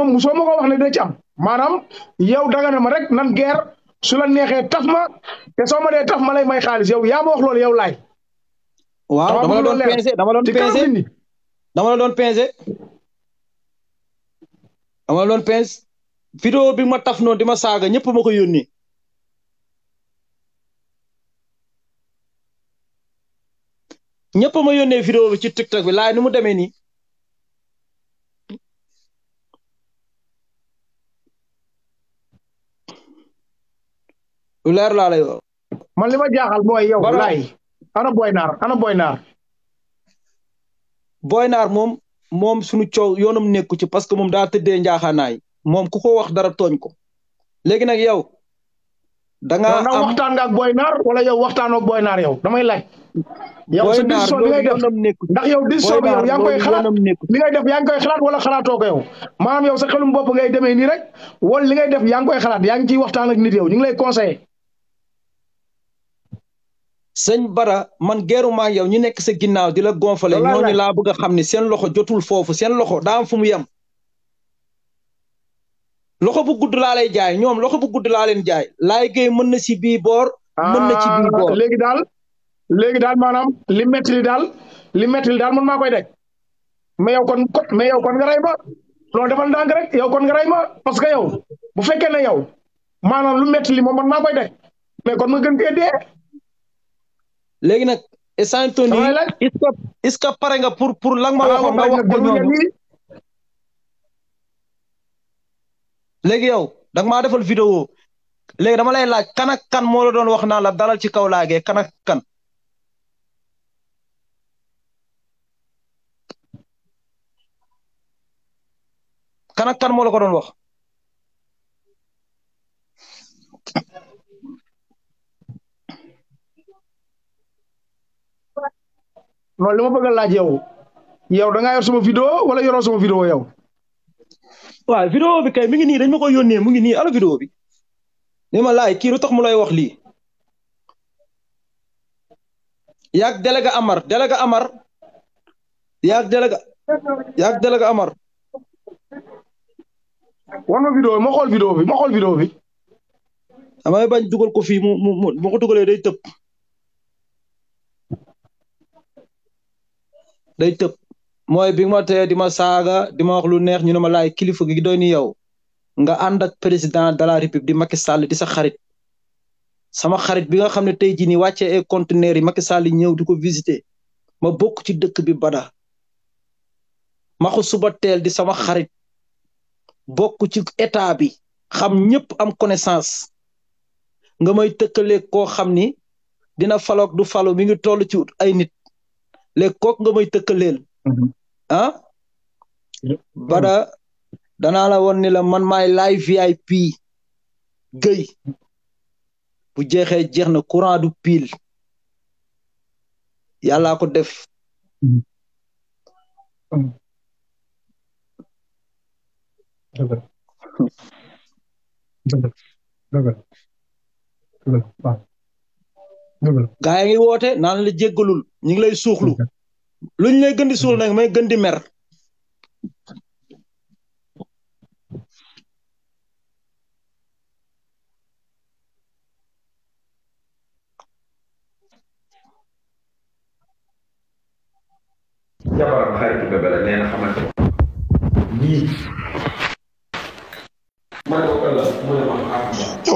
moom musoo ma ko wax ne dina ci am maanaam yow daga na ma rek nan guerre su la neexee taf ma te soo ma dee taf ma lay may xaalis yow yaa ma wax loolu yow laay. waaw dama la doon pincé dama la doon pincé dama la doon pincé dama la bi ma taf noonu di ma saaga ñëpp ma ko yónnee. ñëpp ma yónnee vidéo ci TikTok bi laay ni mu demee nii. lu leer laa lay man li ma jaaxal booy yow. laay ana booy naar ana booy naar. booy naar moom moom suñu coow yoonam nekku ci parce que moom daa tëddee njaaxaanaay moom ku ko wax dara tooñ ko léegi nag yow. da nga am waxtaan nga ak booy naar wala yow waxtaanoo ak booy naar yow damay laaj. yow sa décision bi ngay def ndax yow décision bi yow yaa ngi koy xalaat li ngay def yaa koy xalaat wala xalaatoo ko nii rek wala li ngay def yaa yaa ngi ciy waxtaan ak nit yow ñu lay conseillé. sëñ Bara man geeru maa yow ñu nekk sa ginnaaw di la gonfale ñooñu laa bëgg a xam ne seen loxo jotul foofu seen loxo daa am fu mu yem loxo bu gudd laa lay jaay ñoom loxo bu gudd laa leen jaay laay géey mën na si bii boor mën na ah, boor léegi daal léegi daal maanaam li metti daal li metti daal man maa koy dekk mais yow kon mais yow kon nga rey ma defal ndànk rek yow kon nga rey ma parce que yow bu fekkee ne yow maanaam lu metti li moom man maa koy dekk mais kon ma gën koy léegi nag. instant toni est-ce que ce que pare nga pour pour lan ma waxoon nga wax ko léegi yow da ma maa defal vidéo léegi dama lay laaj kan kan moo la doon wax naa la dalal ci kaw laagee kan ak kan. kan kan moo la ko doon wax. non li ma bëgg laaj yow yow da ngaa yor vidéo wala yoroo sama vidéo yow. waaw vidéo bi kay mi ngi nii dañ ma koy yónnee mu ngi nii ala vidéo bi. kii tax mu lay wax lii. yaag délégué Amar délégué Amar. yaag délégué yaag délégué Amar. war ma vidéo bi ma xool vidéo bi ma xool vidéo bi. damay bañ dugal ko fii mu mu mu ko dugalee day tëb. day tëb mooy bi ma tee di ma saaga di ma wax lu neex ñu ne ma laay kilifa gi doy ni yow nga ànd ak président de la république di Macky Sall di sa xarit sama xarit bi nga xam ne tey jii nii wàccee ay conteneurs yi Macky Sall ñëw di ko visiter ma bokk ci dëkk bi bada maxu suba teel di sama xarit bokk ci état bi xam ñëpp am connaissance nga may tëkkaleeg koo xam ni dina falo du falu mi ngi toll ci ay nit léegi kooku nga may tëkkaleel mm-hmm. ah mm-hmm. bada danaa la woon la man maay laay VIP gëy bu jeexee jeex na courant du pile yàllaa ko def mm-hmm. gaa yaa ngi woote naan la jéggalul ñu ngi lay suuxlu luñ lay gën di suuxlu may gën di mer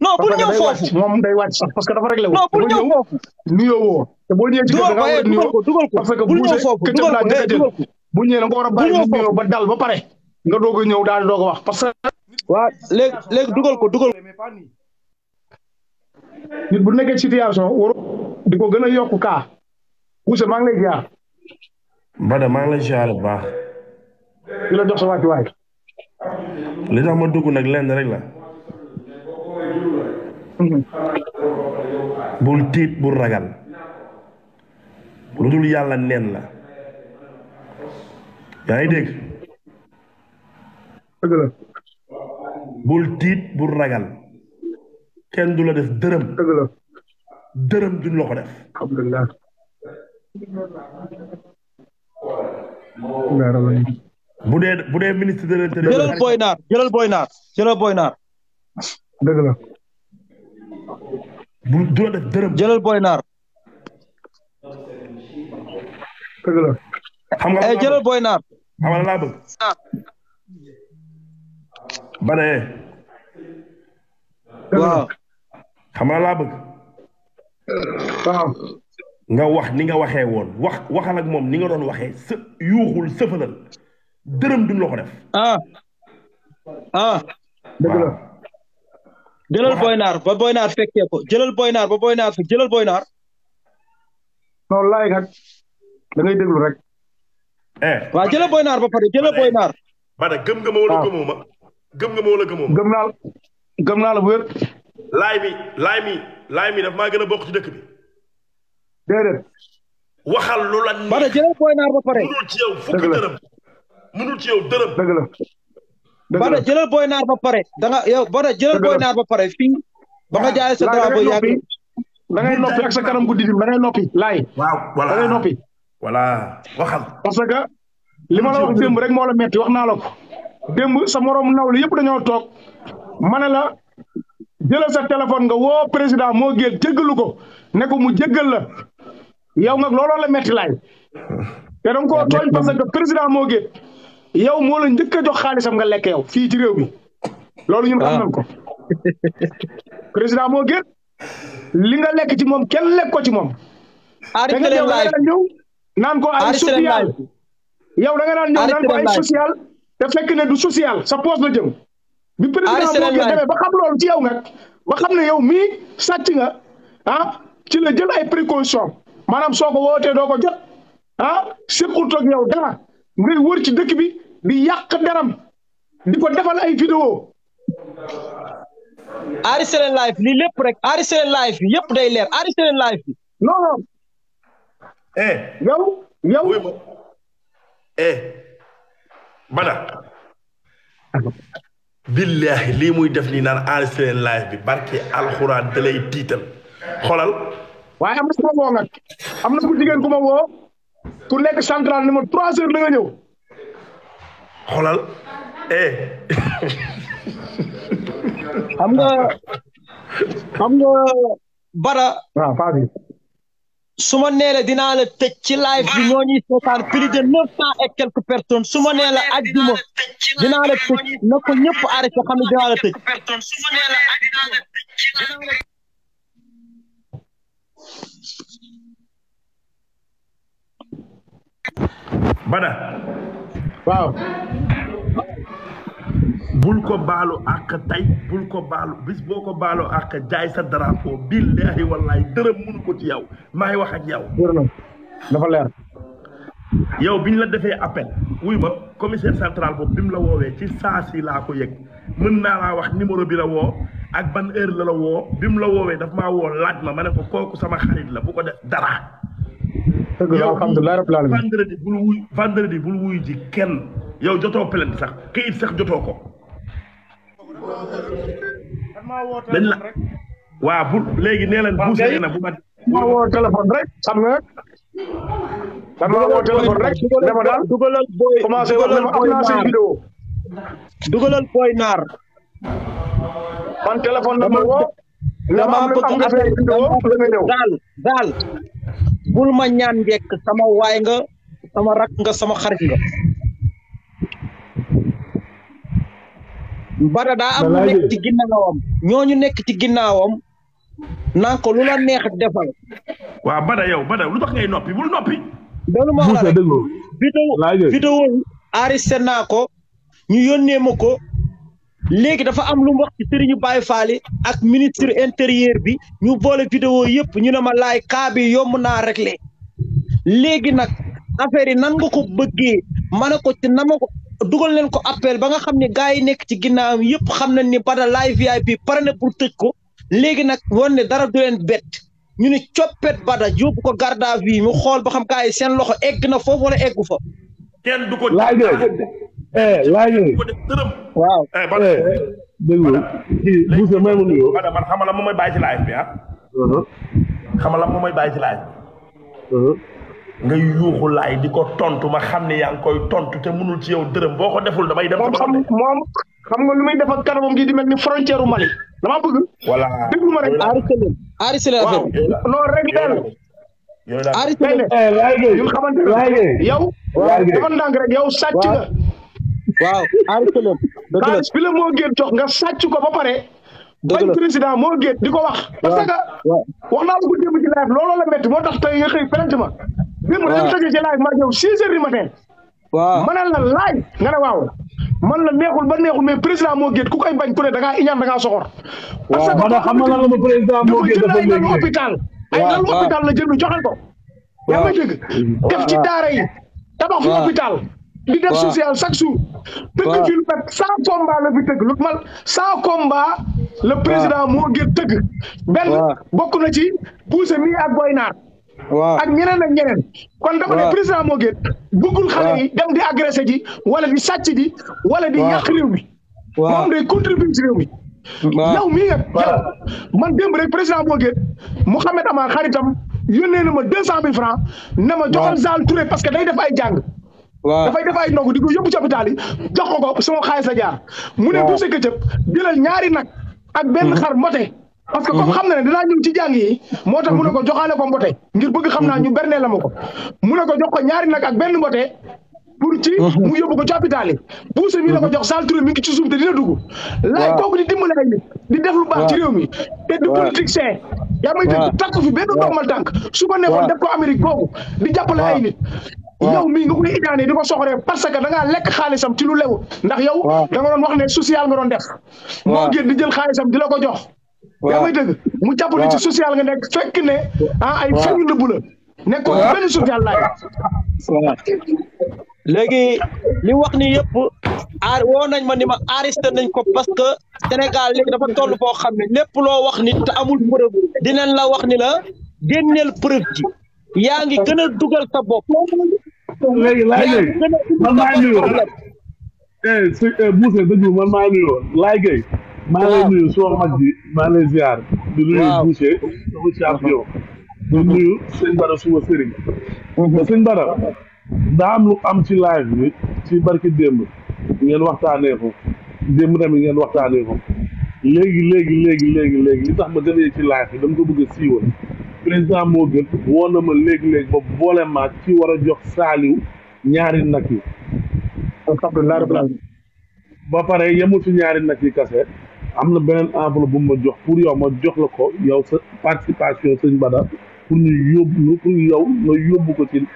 no pour ñëw foofu moom day wàcc sax parce que dafa réglé wu. non pour ñëw foofu nuyoo woo. te boo ñëwee ci kër da dugal ko dugal ko bul ñëw foofu dugal ko eh dugal ko bu ñëwee a bàyyi ba dal ba pare nga doog ñëw daal di doog a wax parce que. waaw léegi léegi dugal ko dugal ko. nit bu nekkee situation waru di ko gën a yokk kaa. Ousseyn maa ngi lay ziar. Bada maa ngi lay ziar bu baax. di la jox sa wàccuwaay. li ma dugg nag lenn rek la. bul tiit bu ragal lu dul yàlla neen la yaa ngi dégg bul tiit bul ragal kenn du la def dërëm dërëm du la ko def alhamdulillah dee bu dee ministre de l'intérieur jëlal boy naar jëlal boy naar bu du la def dërëm. jëlal booy naar. dëgg la. xam nga ay eh, jëlal booy naar. xam nga laa bëgg. ba ne. laa bëgg. wax ni nga waxee woon wax waxal ak moom ni nga doon waxee sa yuuxul dërëm duñ la ko def. ah ah. jëlal Boy Naar ba Boy Naar fekkee ko jëlal Boy Naar ba Boy Naar fekk jëlal Boy Naar. non laay kat da ngay déglu eh. jëlal Boy ba pare jëlal Boy Naar. ba ne gëm nga ma gëm nga ma wala gëmoo ma. gëm naa la gëm naa la bu wér. laay mi laay mi laay mi daf maa bokk ci dëkk bi. déedéet. waxal lu la. ba ne jëlal ci yow fukki dërëm. mënul ci dërëm. dëgg Bada jëlal Boy Naar ba pare da yow Bada jëlal Boy Naar ba pare fii ba nga jaayee sa drapeau yàgg noppi ak sa kanam guddi dim da ngay noppi laay waaw voilà da ngay noppi parce que li ma wax démb rek moo la metti wax naa la ko démb sa moroom nawlu yëpp dañoo toog ma ne la jëlal sa téléphone nga woo président moo géel jéggalu ko ne ko mu jéggal la yow nga looloo la metti laay te danga koo tooñ parce que président moo géel yow moo la njëkk a jox xaalisam nga lekk yow fii ci réew mi. loolu ñun xam nañ ko. président moo gën li nga lekk ci moom kenn lekk ko ci moom. da nga ñëw da nga ñëw naan ko ay social. yow da nga naan ñëw naan ko ay social. te fekk ne du social sa poos la jëm. bi président moo gën demee ba xam loolu ci yow nga ba xam ne yow mii sàcc nga ah ci la jël ay précaution maanaam soo ko wootee doo ko jot ah sequt ak yow dara ngay wër ci dëkk bi. di yàq deram di ko defal ay vidéo Ari Seen Live lépp rek Ari Seen Live day leer Ari Seen Live bi non non eh. eh bada billaahi lii muy def nii naan Ari Seen Live bi barke alxuraan da tiital xoolal waaye am na ku woo nag am na ku jigéen ku ma woo ku nekk central ni ma trois heures la nga ñëw xoolal eh. xam nga xam nga bara. waaw Faby. su ma nee la dinaa la tëj ci live bi ñoo ñuy seetaan plus de neuf cent et quelques personnes su ma nee la àjjuma dinaa la tëj na ko ñëpp arrêté xam ne dinaa la tëj. Bada. waaw bul ko baalu àq tey bul ko baalu bis boo ko baalu àq jaay sa drapeau billaahi wallaahi dërëm munu ko ci yow maa ngi wax ak yow dafa leer yow ñu la defee appel wuy ma commissaire central boobu bi mu la woowee ci saa si laa ko yëg mën naa laa wax numéro bi la woo ak ban heure la la woo bi mu la woowee daf maa woo laaj ma ma ne ko kooku sama xarit la bu ko def dara dëgg la alhamdulilah rabbil alamin vendredi bul wuy bul wuy ji yow jotoo plainte sax kayit sax jotoo ko. dañ la waaw bu léegi nee leen buuse na bu ma. ma woo téléphone rek xam nga. dama woo téléphone rek dama daal dugalal booy commencé wax dama am naa seen vidéo. dugalal booy naar. man téléphone dama woo. dama bëgg affaire daal daal. bul ma ñaan njekk sama waay nga sama rak nga sama xarit nga bada daa am nekk ci ginnaawam ñooñu nekk ci ginnaawam naa ko lu la neex defal waaw bada yow bada lu tax ngay noppi bul noppi loolu moo la rek vidéo vidéo aariste naa ko ñu yónnee ma ko léegi dafa am lu mu wax ci sëriñu Baye Fall ak ministre intérieur bi ñu boole vidéo yëpp ñu ne ma laay kaa bi yomb naa rek le léegi nag affaire yi nan nga ko bëggee ma ne ko ci na ma ko dugal leen ko appel ba nga xam ne gars yi nekk ci ginnaawam yëpp xam nañ ni Bada Laye VIP pare na pour tëj ko léegi nag woon ne dara du leen bett ñu ne coppet Bada yóbbu ko garde à vue mu xool ba xam gars seen loxo egg na foofu wala eggu fa. kenn du ko. Eh, eh, laajul waaw. Eh, dégg nga bu soo may ma nuyoo. man xamal la moom mooy bàyyi ci live bi ah. Uh-huh. xamal la moom mooy bàyyi ci live bi. Uh-huh. nga yuuxu laay di ko tontu ma xam ne yaa ngi koy tontu te mënul ci yow dërëm boo ko deful damay dem. moom xam moom xam nga lu muy def ak kanamam gi di mel ni frontière u Mali damaa bëgg. voilà déglu ma rek. aari sële aari sële affaire bi. non rek daal. aari sële. laay de laay de yow. dafa ndànk rek yow sàcc nga. waaw aar këlëm. xaalis la moo gën jox nga sàcc ko ba pare. bañ président moo gën di ko wax. parce que wax naa la ko démb looloo la métti moo tax tey nga xëy feneen ma. démb dañu tëjee ci ma ñëw six heures ma ne la laaj nga ne waaw. man la neexul ba neexul mais président moo gën ku koy bañ ku ne da ngaa iñaan da ngaa soxor. parce que man xam naa la président moo gën dafa léegi dafa jël ay dalu hôpital. ay dalu hôpital la jël lu joxe ko. waaw yaa ngi dégg ci daara yi tabax fi hôpital di def social chaque jour. waaw tëgg lu pet sans combat la fi tëgg lu mal sans combat. le président moo gën tëgg. benn bokk na ci Bousse mi ak Boy Naar. waaw ak ñeneen ak ñeneen. kon dafa ne président moo gën. bëggul xale dem di agressé ji wala di sàcc ji. wala di yàq réew mi. moom day contribuer réew mi. yow mii nga yow man démb rek président moo gën Mouhamed Amar xaritam yónnee na ma deux cent mille francs. na ma joxal Zal Touré parce que day def ay jàng. waaw dafay def ay ndogu di ko yóbbu ci hôpital yi jox ko ko sama xaalis jaar. mu ne bu sëkk cëp la ñaari nag. ak benn mm-hmm. xar mbote. parce que comme mm-hmm. xam na ne dinaa ci jàng yi. moo tax mu ne ko mm-hmm. joxaale ko mbote. ngir bëgg xam naa ñu bernee la ma ko. mu ne ko jox ko ñaari nag ak benn mbote. pour ci mu yóbbu ko ci hôpital yi. buuse mi la ko jox Sall Touré mi ngi ci suuf te dina dugg. laay kooku di dimbale ay nit. di def lu baax réew mi. te du politicien. yaa may dégg takku fi benn doomal tànk. su ko nekkoon def ko Amérique boobu di jàppale ay yow mii nga koy iñaane di ko soxoree parce que danga lekk xaalisam ci lu lew ndax yow da nga doon wax social nga doon def moo gën di jël xaalisam di la ko jox yaa may dëgg mu jàpp ne ci social nga nekk fekk ne ah ay feñu nëbbu la nekkoon benn social laay léegi li wax ni yëpp aar woo nañ ma ni ma arrêté nañ ko parce que Sénégal léegi dafa toll foo xam ne lépp loo wax ni te amul preuve dinañ la wax ni la génneel preuve ji yaa ngi gën a dugal sa bopp. léegi laay gay eh, eh, man maa ngi nuyoo man maa ngi nuyoo laay gay maa lay nuyu suma mag ji maa lay ziar. di nuyu Bousse sama champion. di nuyu sëñ Bara suma sëriñ. te mhm. sëñ Bara daa am lu am ci live bi ci barki demb ngeen waxtaanee ko démb tamit ngeen waxtaanee ko léegi léegi léegi léegi léegi li tax ma demee ci live bi dama ko bëgg a siiwal. président moo gën woo na ma léeg-léeg ba boole maag ci war a jox saaliw ñaari nag yi alhamdulilah ba pare yemul ci ñaari nag yi kase am na beneen enveloppe bu ma jox pour yow ma jox la ko yow sa participation sëñ Bada pour ñu yóbbu pour yow nga yóbbu ko ci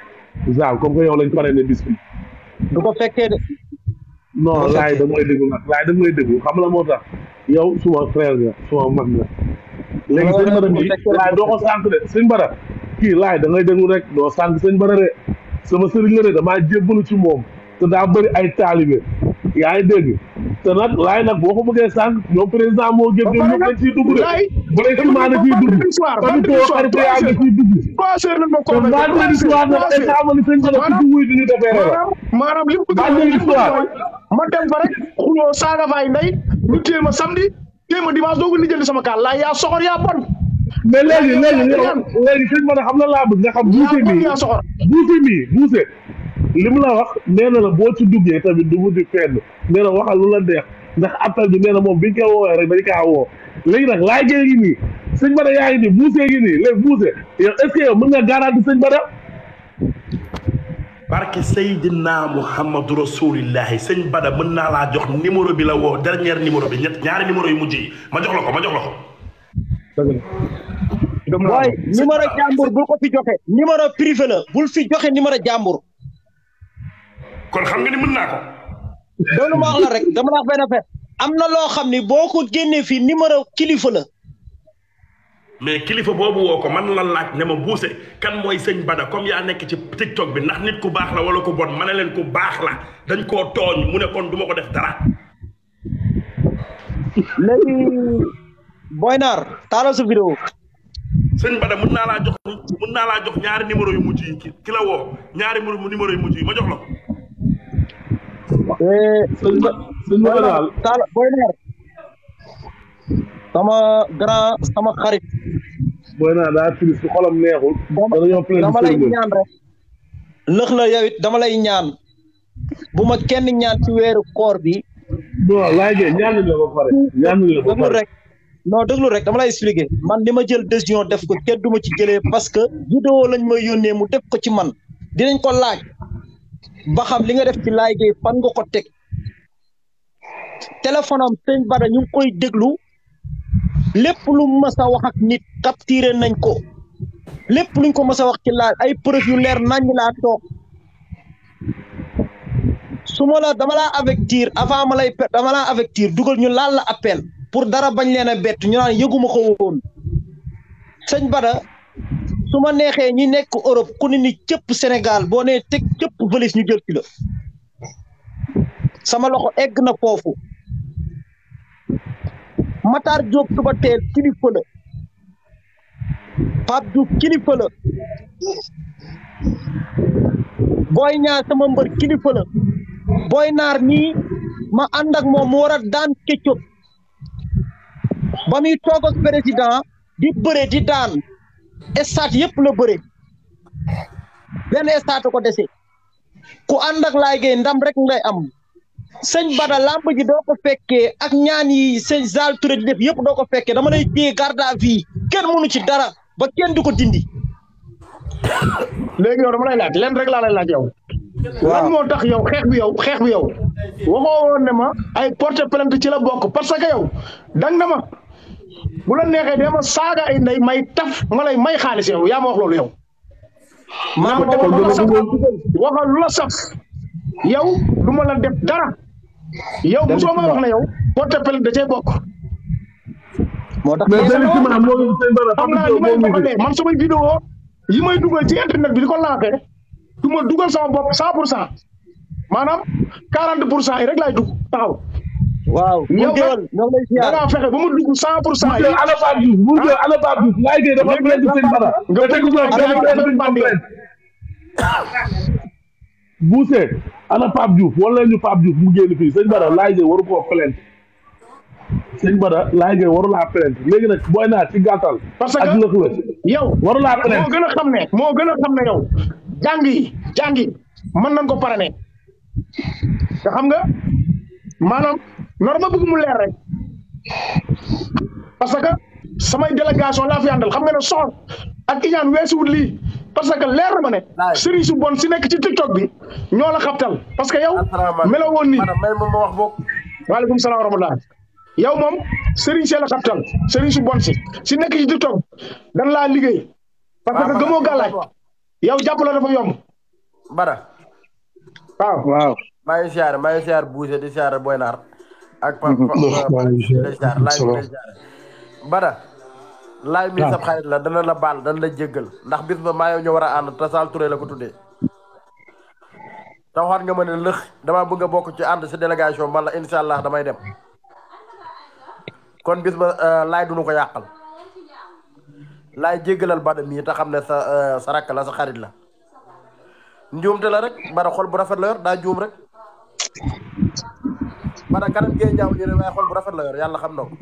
zaal comme que yow lañ pare ne bis du ko fekkee de non laay da may déglu nag laay da may déglu xam na moo tax yow suma frère nga suma mag nga léegi sëñ Bara mii laay doo ko sant de sëñ Bara kii laay da ngay rek doo sant sëñ Bara de sama sëriñ la de damaa jébbalu ci moom te daa bëri ay taalibe yaa ngi dégg te nag laay nag boo ko bëggee sànq ñoom président moo gën ñoom dañ ciy dugg de bu dee ci maanaam ciy dugg tamit boo xarit yaa ngi ciy dugg te vendredi soir nag dañ amali sëñ Bara ci dugg di ñu rek maanaam li ma dem fa rek xuloo saaga fay ndey ñu téye ma samedi tey di dimanche doo ko lijjanti sama kaar laa yaa soxor yaa bon. mais léegi léegi léegi sëñ ma na laa bëgg nga xam. buuse bi buuse bi buuse li mu la wax nee na la boo ci duggee tamit du wuti fenn nee na waxal lu la deex ndax appel bi nee na moom biñ ko woowee rek dañ kaa woo léegi nag laajee ngi nii sëñ Bada yaa nii buuse yow est-ce que nga garanti sëñ Bada barke Seydina Muhammadu Rasulillahi sëñ Bada mën naa laa jox numéro bi la woo dernier numéro bi ñett ñaari numéro yu mujj yi ma jox la ko ma jox la ko. dëgg la bul ko fi joxe. numéro privé la bul fi joxe numéro jàmbur. kon xam nga ni mën naa ko. loolu ma wax la rek dama la am na loo xam ni boo ko génnee fii numéro kilifala mais kilifa boobu woo ko man la laaj ne ma buuse kan mooy sëñ Bada comme yaa nekk ci tiktok bi ndax nit ku baax la wala ku bon ma ne leen ku baax la dañ koo tooñ mu ne kon du ma ko def dara. léegi Boy Nar taalal sa vidéo. sëñ mun naa laa jox mun naa laa jox ñaari numéro yu mujj yi ki la woo ñaari numéro yu mujj yi ma jox la ko. Eh, sëñ sama grand sama xarit. booy naa daa firi su xolam neexul. dama lay ñaan rek. lëx la yow dama lay ñaan. bu ma kenn ñaan ci weeru koor bi. non laajee ñaanuñ la rek. dama lay expliquer man li ma jël décision def ko kenn ci jëlee parce que vidéo lañ may yónnee mu def ko ci man dinañ ko laaj ba xam li nga def ci laay gi fan nga ko teg téléphone am sëñ ñu ngi koy déglu lépp lu mës a ak nit capturé nañ ko lépp luñ ko mës a wax ci laaj ay preuve yu leer nañ laa toog su ma la dama la avertir avant ma lay dama laa avertir dugal ñu laal la appel pour dara bañ leen a bett ñu naan yëguma ko woon sëñ Bada su ma neexee ñi nekk Europe ku ne ni cëpp Sénégal boo nee teg cëpp valise ñu jël ci la sama loxo egg na foofu Matar Diop suba kilifala kilifa la Pape Boy Niang sama mbër kilifa Boy Naar nii ma ànd ak moom mu war a daan Ketchup ba muy président di bëre di daan stade yëpp la bëre benn stade ko dese ku ànd ak laay ndam rek ngay am. sëñ Bada lamb ji doo ko fekkee ak ñaan yi sëñ Zal Touré di def yëpp doo ko fekkee dama lay téye garde à vie kenn mënu ci dara ba kenn du ko dindi. léegi yow dama lay laaj leen rek laa lay laaj yow. lan moo tax yow xeex bi yow xeex bi yow waxoo woon ne ma ay porte plainte ci la bokk parce que yow dang na ma bu la neexee dee ma saaga ay may taf ma lay may xaalis yow yaa ma wax loolu yow. maa ma waxal lu la saf yow du ma la def dara. yow mosoo ma wax na yow porte plainte da ce bokk. moo tax mais délitement moom seen dara xam naa li may man samay vidéo yi may dugal ci internet bi di ko laajte du ma dugal sama bopp cent pour cent maanaam quarante pour cent yi rek laay dugg taxaw. waaw yow da ngaa fexe ba mu dugg cent pour cent yi. ala Pape Diouf mu jël ala Pape Diouf laaj dafa plainte seen dara. nga déglu nga déglu Bousse ana Pape Diouf wala ñu Pape Diouf mu génn fii sëñ Bada Laye Gueye waru koo plainte sëñ Bada Laye Gueye waru laa plainte léegi nag booy naa ci gàttal. parce que ak lëkk la yow waru laa plainte moo gën a xam ne moo gën a xam ne yow jàng yi jàng yi mën nañ ko parane te xam nga maanaam norma bëgg mu leer rek parce que samay délégation laa fi àndal xam nga ne soxor ak iñaan weesuwut lii parce que leer na ma ne. sëriñ su bon si nekk ci tiktok bi ñoo la xabtal parce que yow. melo woon nii ma wax boog. waaleykum salaam wa rahmatulah. yow moom sëriñ see la xabtal sëriñ su bon si si nekk ci tiktok dan laa liggéey. parce que gëmoo gàllaaj yow jàpp la dafa yomb. bara. waaw waaw. maa ngi siyaar maa ngi siyaar Boucher di siyaar Boynaar. ak laay mi ah. sab xarit la dana la baal dana la jéggal ndax bis ba maa yow war a ànd te Sall Touré la ko tuddee te waxaat nga ma ne lëx damaa bëgg a bokk ci ànd si délégation man la incha allah damay dem kon bis ba euh, laay duñu ko yàqal laay jéggalal bada mii te xam ne sa euh, sa rakk la sa xarit la njuumte la rek bara xol bu rafet la yor daa juum rek maanaam kanam gee njaam jëre waaye xol bu rafet la yor xam na ko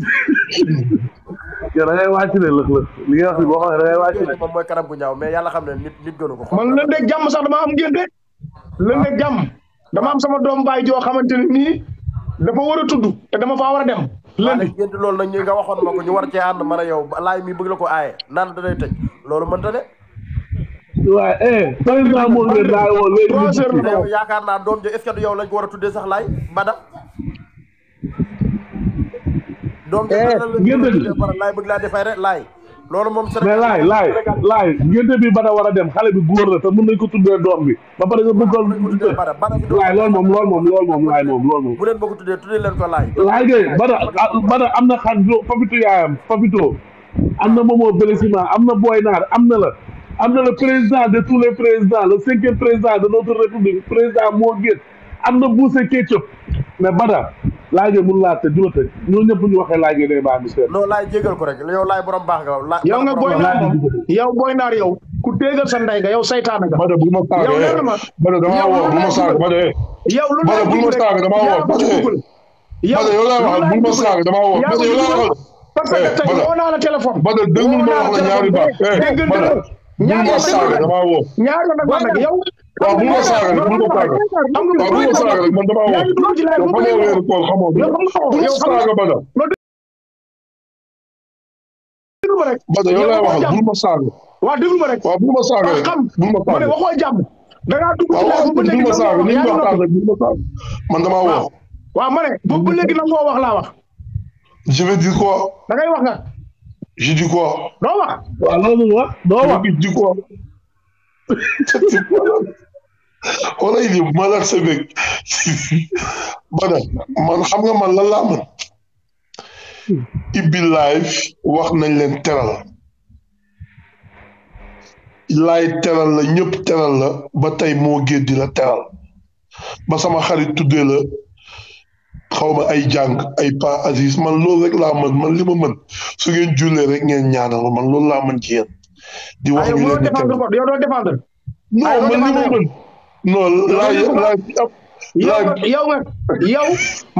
yow da ngay wàcc ne lëkk lëkk li nga boo xam ne da ngay wàcc ne moom mooy kanam gu ñaaw xam ne nit nit gënu ko man lëndee jàmm sax dama am ngénte lëndee jàmm dama am sama doom baay joo xamante ne nii dafa war a tudd te dama fa war a dem lëndi ngénte loolu nag ñu nga waxoon ma ko ñu war cee ànd man a yow laay mi bëgg la ko aaye naan da day tëj loolu mënta ne waaw eh. par exemple moom ngeen laay woo léegi. yaakaar naa doom ja est yow lañ ko tuddee sax laay madame doom eh, laay loolu moom mais laay laay laay ngénte bi bada war a dem xale bi góor la te mën nañ ko tuddee doom bi ba pare nga bëggal ah, laay loolu moom loolu moom loolu moom laay moom loolu moom bu leen bëgg tuddee tuddee leen ko laay laay de bada bada am na xan Papito yaayam Papito am na Momo Belesima am na Boy Naar am na la am na le président de tous les présidents le cinquième président de notre république président moo gét am na Bousse Ketchup mais bada laajee mun laa tëj du la tëj ñoo ñëpp ñu waxee laajee day baax monsieur. non laaj jégal ko rek yow laaj borom baax nga la. yow nga boy naar yow boy ku déggal sa ndey nga yow saytaan nga. Bada bu ma saaga yow leer ma. Bada damaa woo bu Bada. yow lu Bada bu ma saaga damaa woo. Bada yow laa ma Bada yow laa que tey woo naa la téléphone. Bada déglu ma wax la ñaari baax. Eh, damaa woo. yow waaw bu ma saaga rek bu ma saaga waaw bu ma saaga rek man damaa wax yow ba léegi weeru koor xamoo bu ma saaga bada bada yow lay waxal bu ma saaga waaw déglu ma rek waaw bu ma saaga rek bu ma saaga waxoo jàmm da ngaa dugg ci bu ma saaga ni ñu waxtaan rek bu ma saaga man damaa wax waaw ma ne boobu ba léegi nangoo wax laa wax je vais dire quoi da ngay wax nga je dis quoi doo wax waaw loolu wax doo wax je dis quoi wala yi ma ak sa bëgg ba man xam nga man la laa mën ibbi live wax nañ leen teral lay teral la ñëpp teral la ba tey moo géej di la teral ba sama xarit tuddee la xaw ma ay jàng ay pa Aziz man loolu rek laa mën man li ma mën su ngeen jullee rek ngeen ñaanal man loolu laa mën ci di wax ñu leen di teral yow doo man non la la yow yow nga yow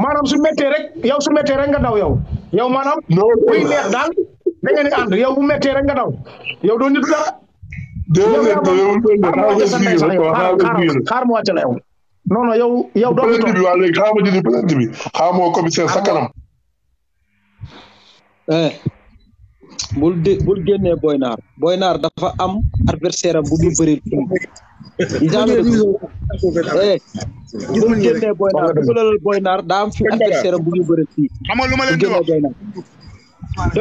maanaam su méttee rek yow su méttee rek nga daw yow yow maanaam. kuy neex daal da ngeen di ànd yow bu méttee rek nga daw yow doo nit dara. déedéet yow xaar ma wàcce la yow. non non yow yow doo ko bi waa léegi xaar ma jëli plainte bi xaar ma commissaire sa kanam. Eh, bul de bul génnee Boy Naar Boy Naar dafa am adversaire am bu muy bëril. bu génnee Boy Naar dugalal Boy Naar daa am fi adversaire bu ñu bëri fii. xam lu ma leen di wax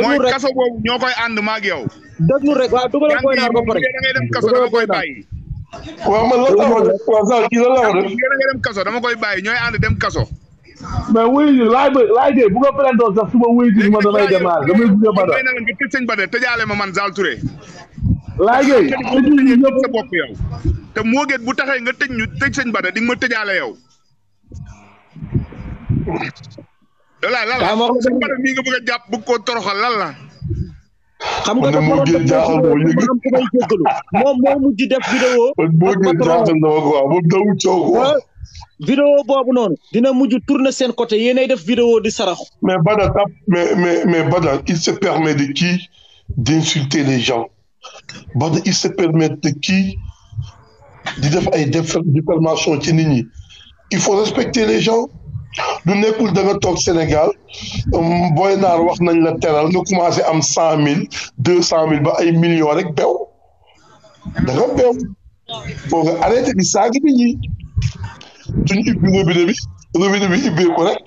mooy kaso ñoo koy ànd maag yow. déglu rek waaw dugalal Boy Naar ba pare dugalal Boy Naar. waaw man la taxaw waaw kii la la dama koy bàyyi ñooy ànd dem kaso. mais wuyu ji laay ba laay de bu ko plantoo a su ma wuyu ji ma damay démarrer damay gunge Bada. nga tëj sëñ Bada tëjaale ma man Zal laay de tëjul ñu ñëpp sa bopp yow. te moo gën bu taxee nga tëj ñu tëj di nga ma a jàpp bëgg koo toroxal lan la. xam nga dafa doon jaaxal na moo mujj def vidéo. moom moo vidéo boobu noon dina mujj tourne seen côté yéenay def vidéo di saraxu. mais Bada mais mais mais Bada il se permet de qui d'insulter les gens Bada il se permet de qui di def ay diffamation ci nit ñi il faut respecter les gens du nekkul da nga toog Sénégal um, booy naar wax nañ la teral nga commencé am cent mille deux cent mille ba ay millions rek bew da bew foo nga di saag nit duñ ubbi robinet bi robinet bi ubbeeku rek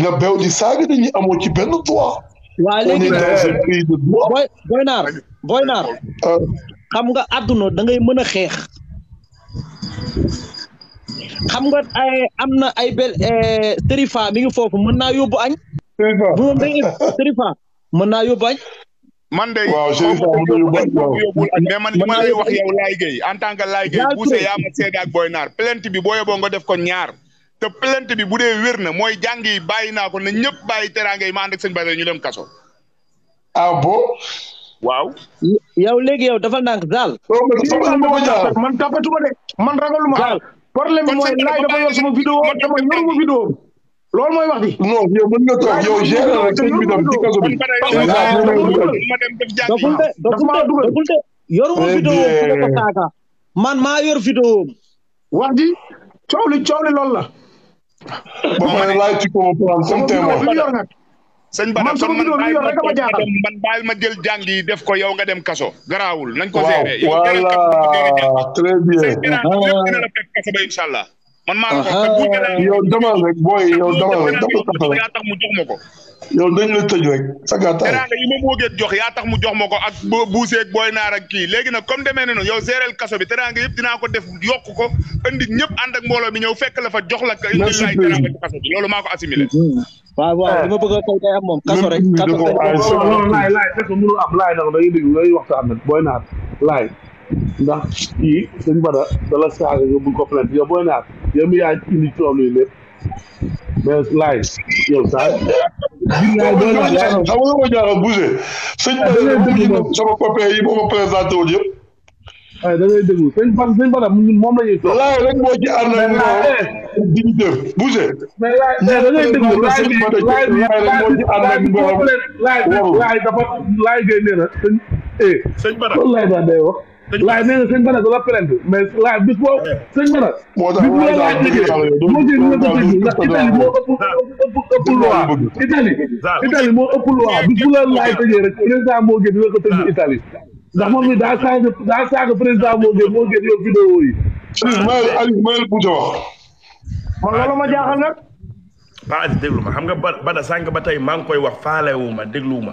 nga bew di saaga dañu amoo ci benn droit. waaw léegi booy booy naar xam nga àdduna da ngay mën a xeex xam nga ay eh, am na ay bel eh, Serifa mi ngi foofu mën naa yóbbu añ. Serifa mën naa yóbbu añ. man de waaw Chérif mais man li ma lay wax yow Laye Gueye en tant que Laye Gueye a yaa ma seede ak Boy Naar plainte bi boo yeboo def ko ñaar te plainte bi bu dee wér na mooy jàng yi bàyyi naa ko ne ñëpp bàyyi teraanga yi ma ànd ak seen ñu dem kaso. ah bon. waaw. yow léegi yow dafa ndànk daal. man tapatuma de man ragaluma. problème bi mooy Laye dafa yor sama vidéo dama yoruma vidéo. loolu mooy wax ji. non yow mën nga toog yow gérer rek sëñ bi dem ci kaso bi. yor vidéo wax ji coow ba ma ne laaj ci ko prendre comme témoin. sëñ Bada kon man man bàyyi ma jël jàng yi def ko yow nga dem kaso. garaawul nañ ko gérer yow. voilà très bien. Ah. kaso ba incha allah. man maa ko wax te yow demal rek booy yow demal rek yaa tax mu jox ma ko. yow dañ la tëj rek sa gàttaay. teraanga yi ma bëggee jox yaa tax mu jox ma ko ak boo buusee booy naar ak kii léegi nag comme demee na noonu yow séeréel kaso bi teraanga yëpp dinaa ko def yokk ko indi ñëpp ànd ak mbooloo ñëw fekk la fa jox la. merci beaucoup teraanga ci kaso bi loolu maa ko assimilé. Mm-hmm. waaw waaw li ma bëgg a fay am moom kaso rek. kaso rek laay laay est-ce que mënul am laay nag day dégg lay waxtaan booy naar laay. ndax kii sen bara dala saaga nga bëgg ko plainte yow booy naat yow mi yaa indi coow luy lépp mais laay yow saa bilaay booy naat yaa xam nga ma jaara bougé sëñ ah, sama copain yi ma ko présenté woon yëpp waaye ah, da ngay déglu sëñ Ba sëñ Bada moom la ñuy toog. laay rek moo ci da laay nee na sëñ Bada la plainte mais laay bis boo eh. sëñ Bada moo tax la laaj liggéey moo ci dina ndax moo ëpp ëpp loi Italie Italie moo ëpp loi bis bu laay tëjee rek président moo gën dina ko tëj Italie ndax moom mi daa saaga daa saaga président moo gën moo gën yow vidéo yi mayel mayel Bouta wax man loolu ma jaaxal nag waa Aziz déglu ma xam nga sànq ba tey maa ngi koy wax faalewu ma dégluwu ma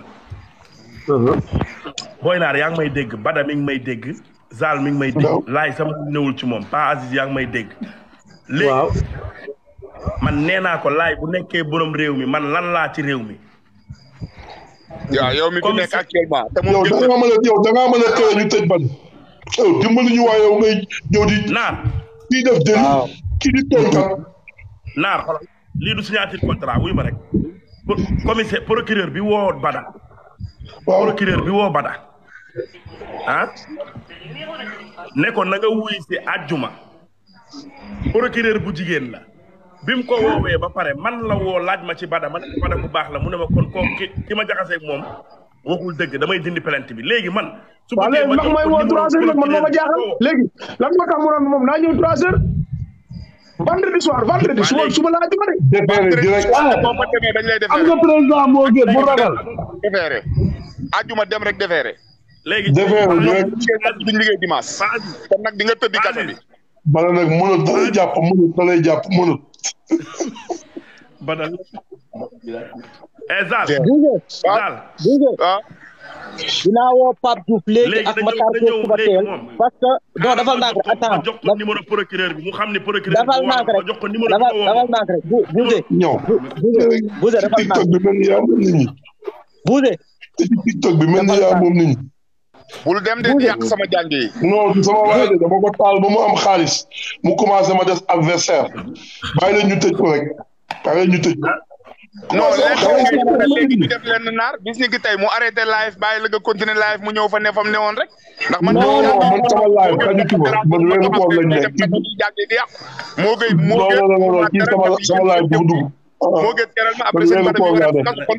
uh-huh. Boy Naar yaa ngi may dégg Bada mi may dégg Zal mi may dégg. laay sama newul ci moom Pa yaa ngi may dégg. waaw man nee naa ko laay bu nekkee borom réew mi man lan laa ci réew mi. waaw yow mi fi nekk actuellement. te moom yow da ngaa mën a yow da ngaa mën a teel ñu tëj ban. yow dimbali ñu waa yow ngay yow di. naar kii def dëri. kii di tontan. naar lii du signature contrat wuy ma rek. commissaire procureur bi woo Bada. waaw procureur bi woo Bada ah ne ko na nga wuy si àjjuma procureur bu jigéen la bi mu ko woowee ba pare man la woo laaj ma ci Bada ma ne Bada bu baax la mu ne ma kon koo ki ma jaxaseeg moom waxul dëgg damay dindi plainte bi léegi man. su ma léegi ndax may woo trois heures man moo ma jaaxal léegi lan moo tax mu doon moom naa ñëw trois vendredi soir vendredi suba suba laa jëmale. vendredi rek am nga président moo gën bu ragal. defeere ajuma dem rek defeere. léegi defeere rek duñ liggéey dimanche. kon nag di nga tëddi kaso bi. bala nag mënut da lay jàpp mënut da lay jàpp mënut. badal. eh Zal. Zal. dinaa woo Pape Diouf léegi ak Matar Gueye suba teel parce que non dafal ndànk rek attends jox ko bi mu xam ne procureur dafal ndànk rek jox ko numéro dafal dafal ndànk rek bu buuse ñëw buuse dafal ndànk bi mel ni yaa moom nit ñi buuse tiktok bi mel yaa moom nit ñi bul dem de di sama jàng yi non sama waaye de dama ko taal ba mu am xaalis mu commencé ma des adversaire bàyyi leen ñu tëj rek non léegi ñu def leen naar bis ni ki tey mu arrêté live bàyyi la nga continuer live mu ñëw fa ne ne woon rek ndax man non man sama live xaju ci woon man weeru koor lañ nekk jàgg di yàq moo koy moo koy sama live bu dugg moo koy teral ma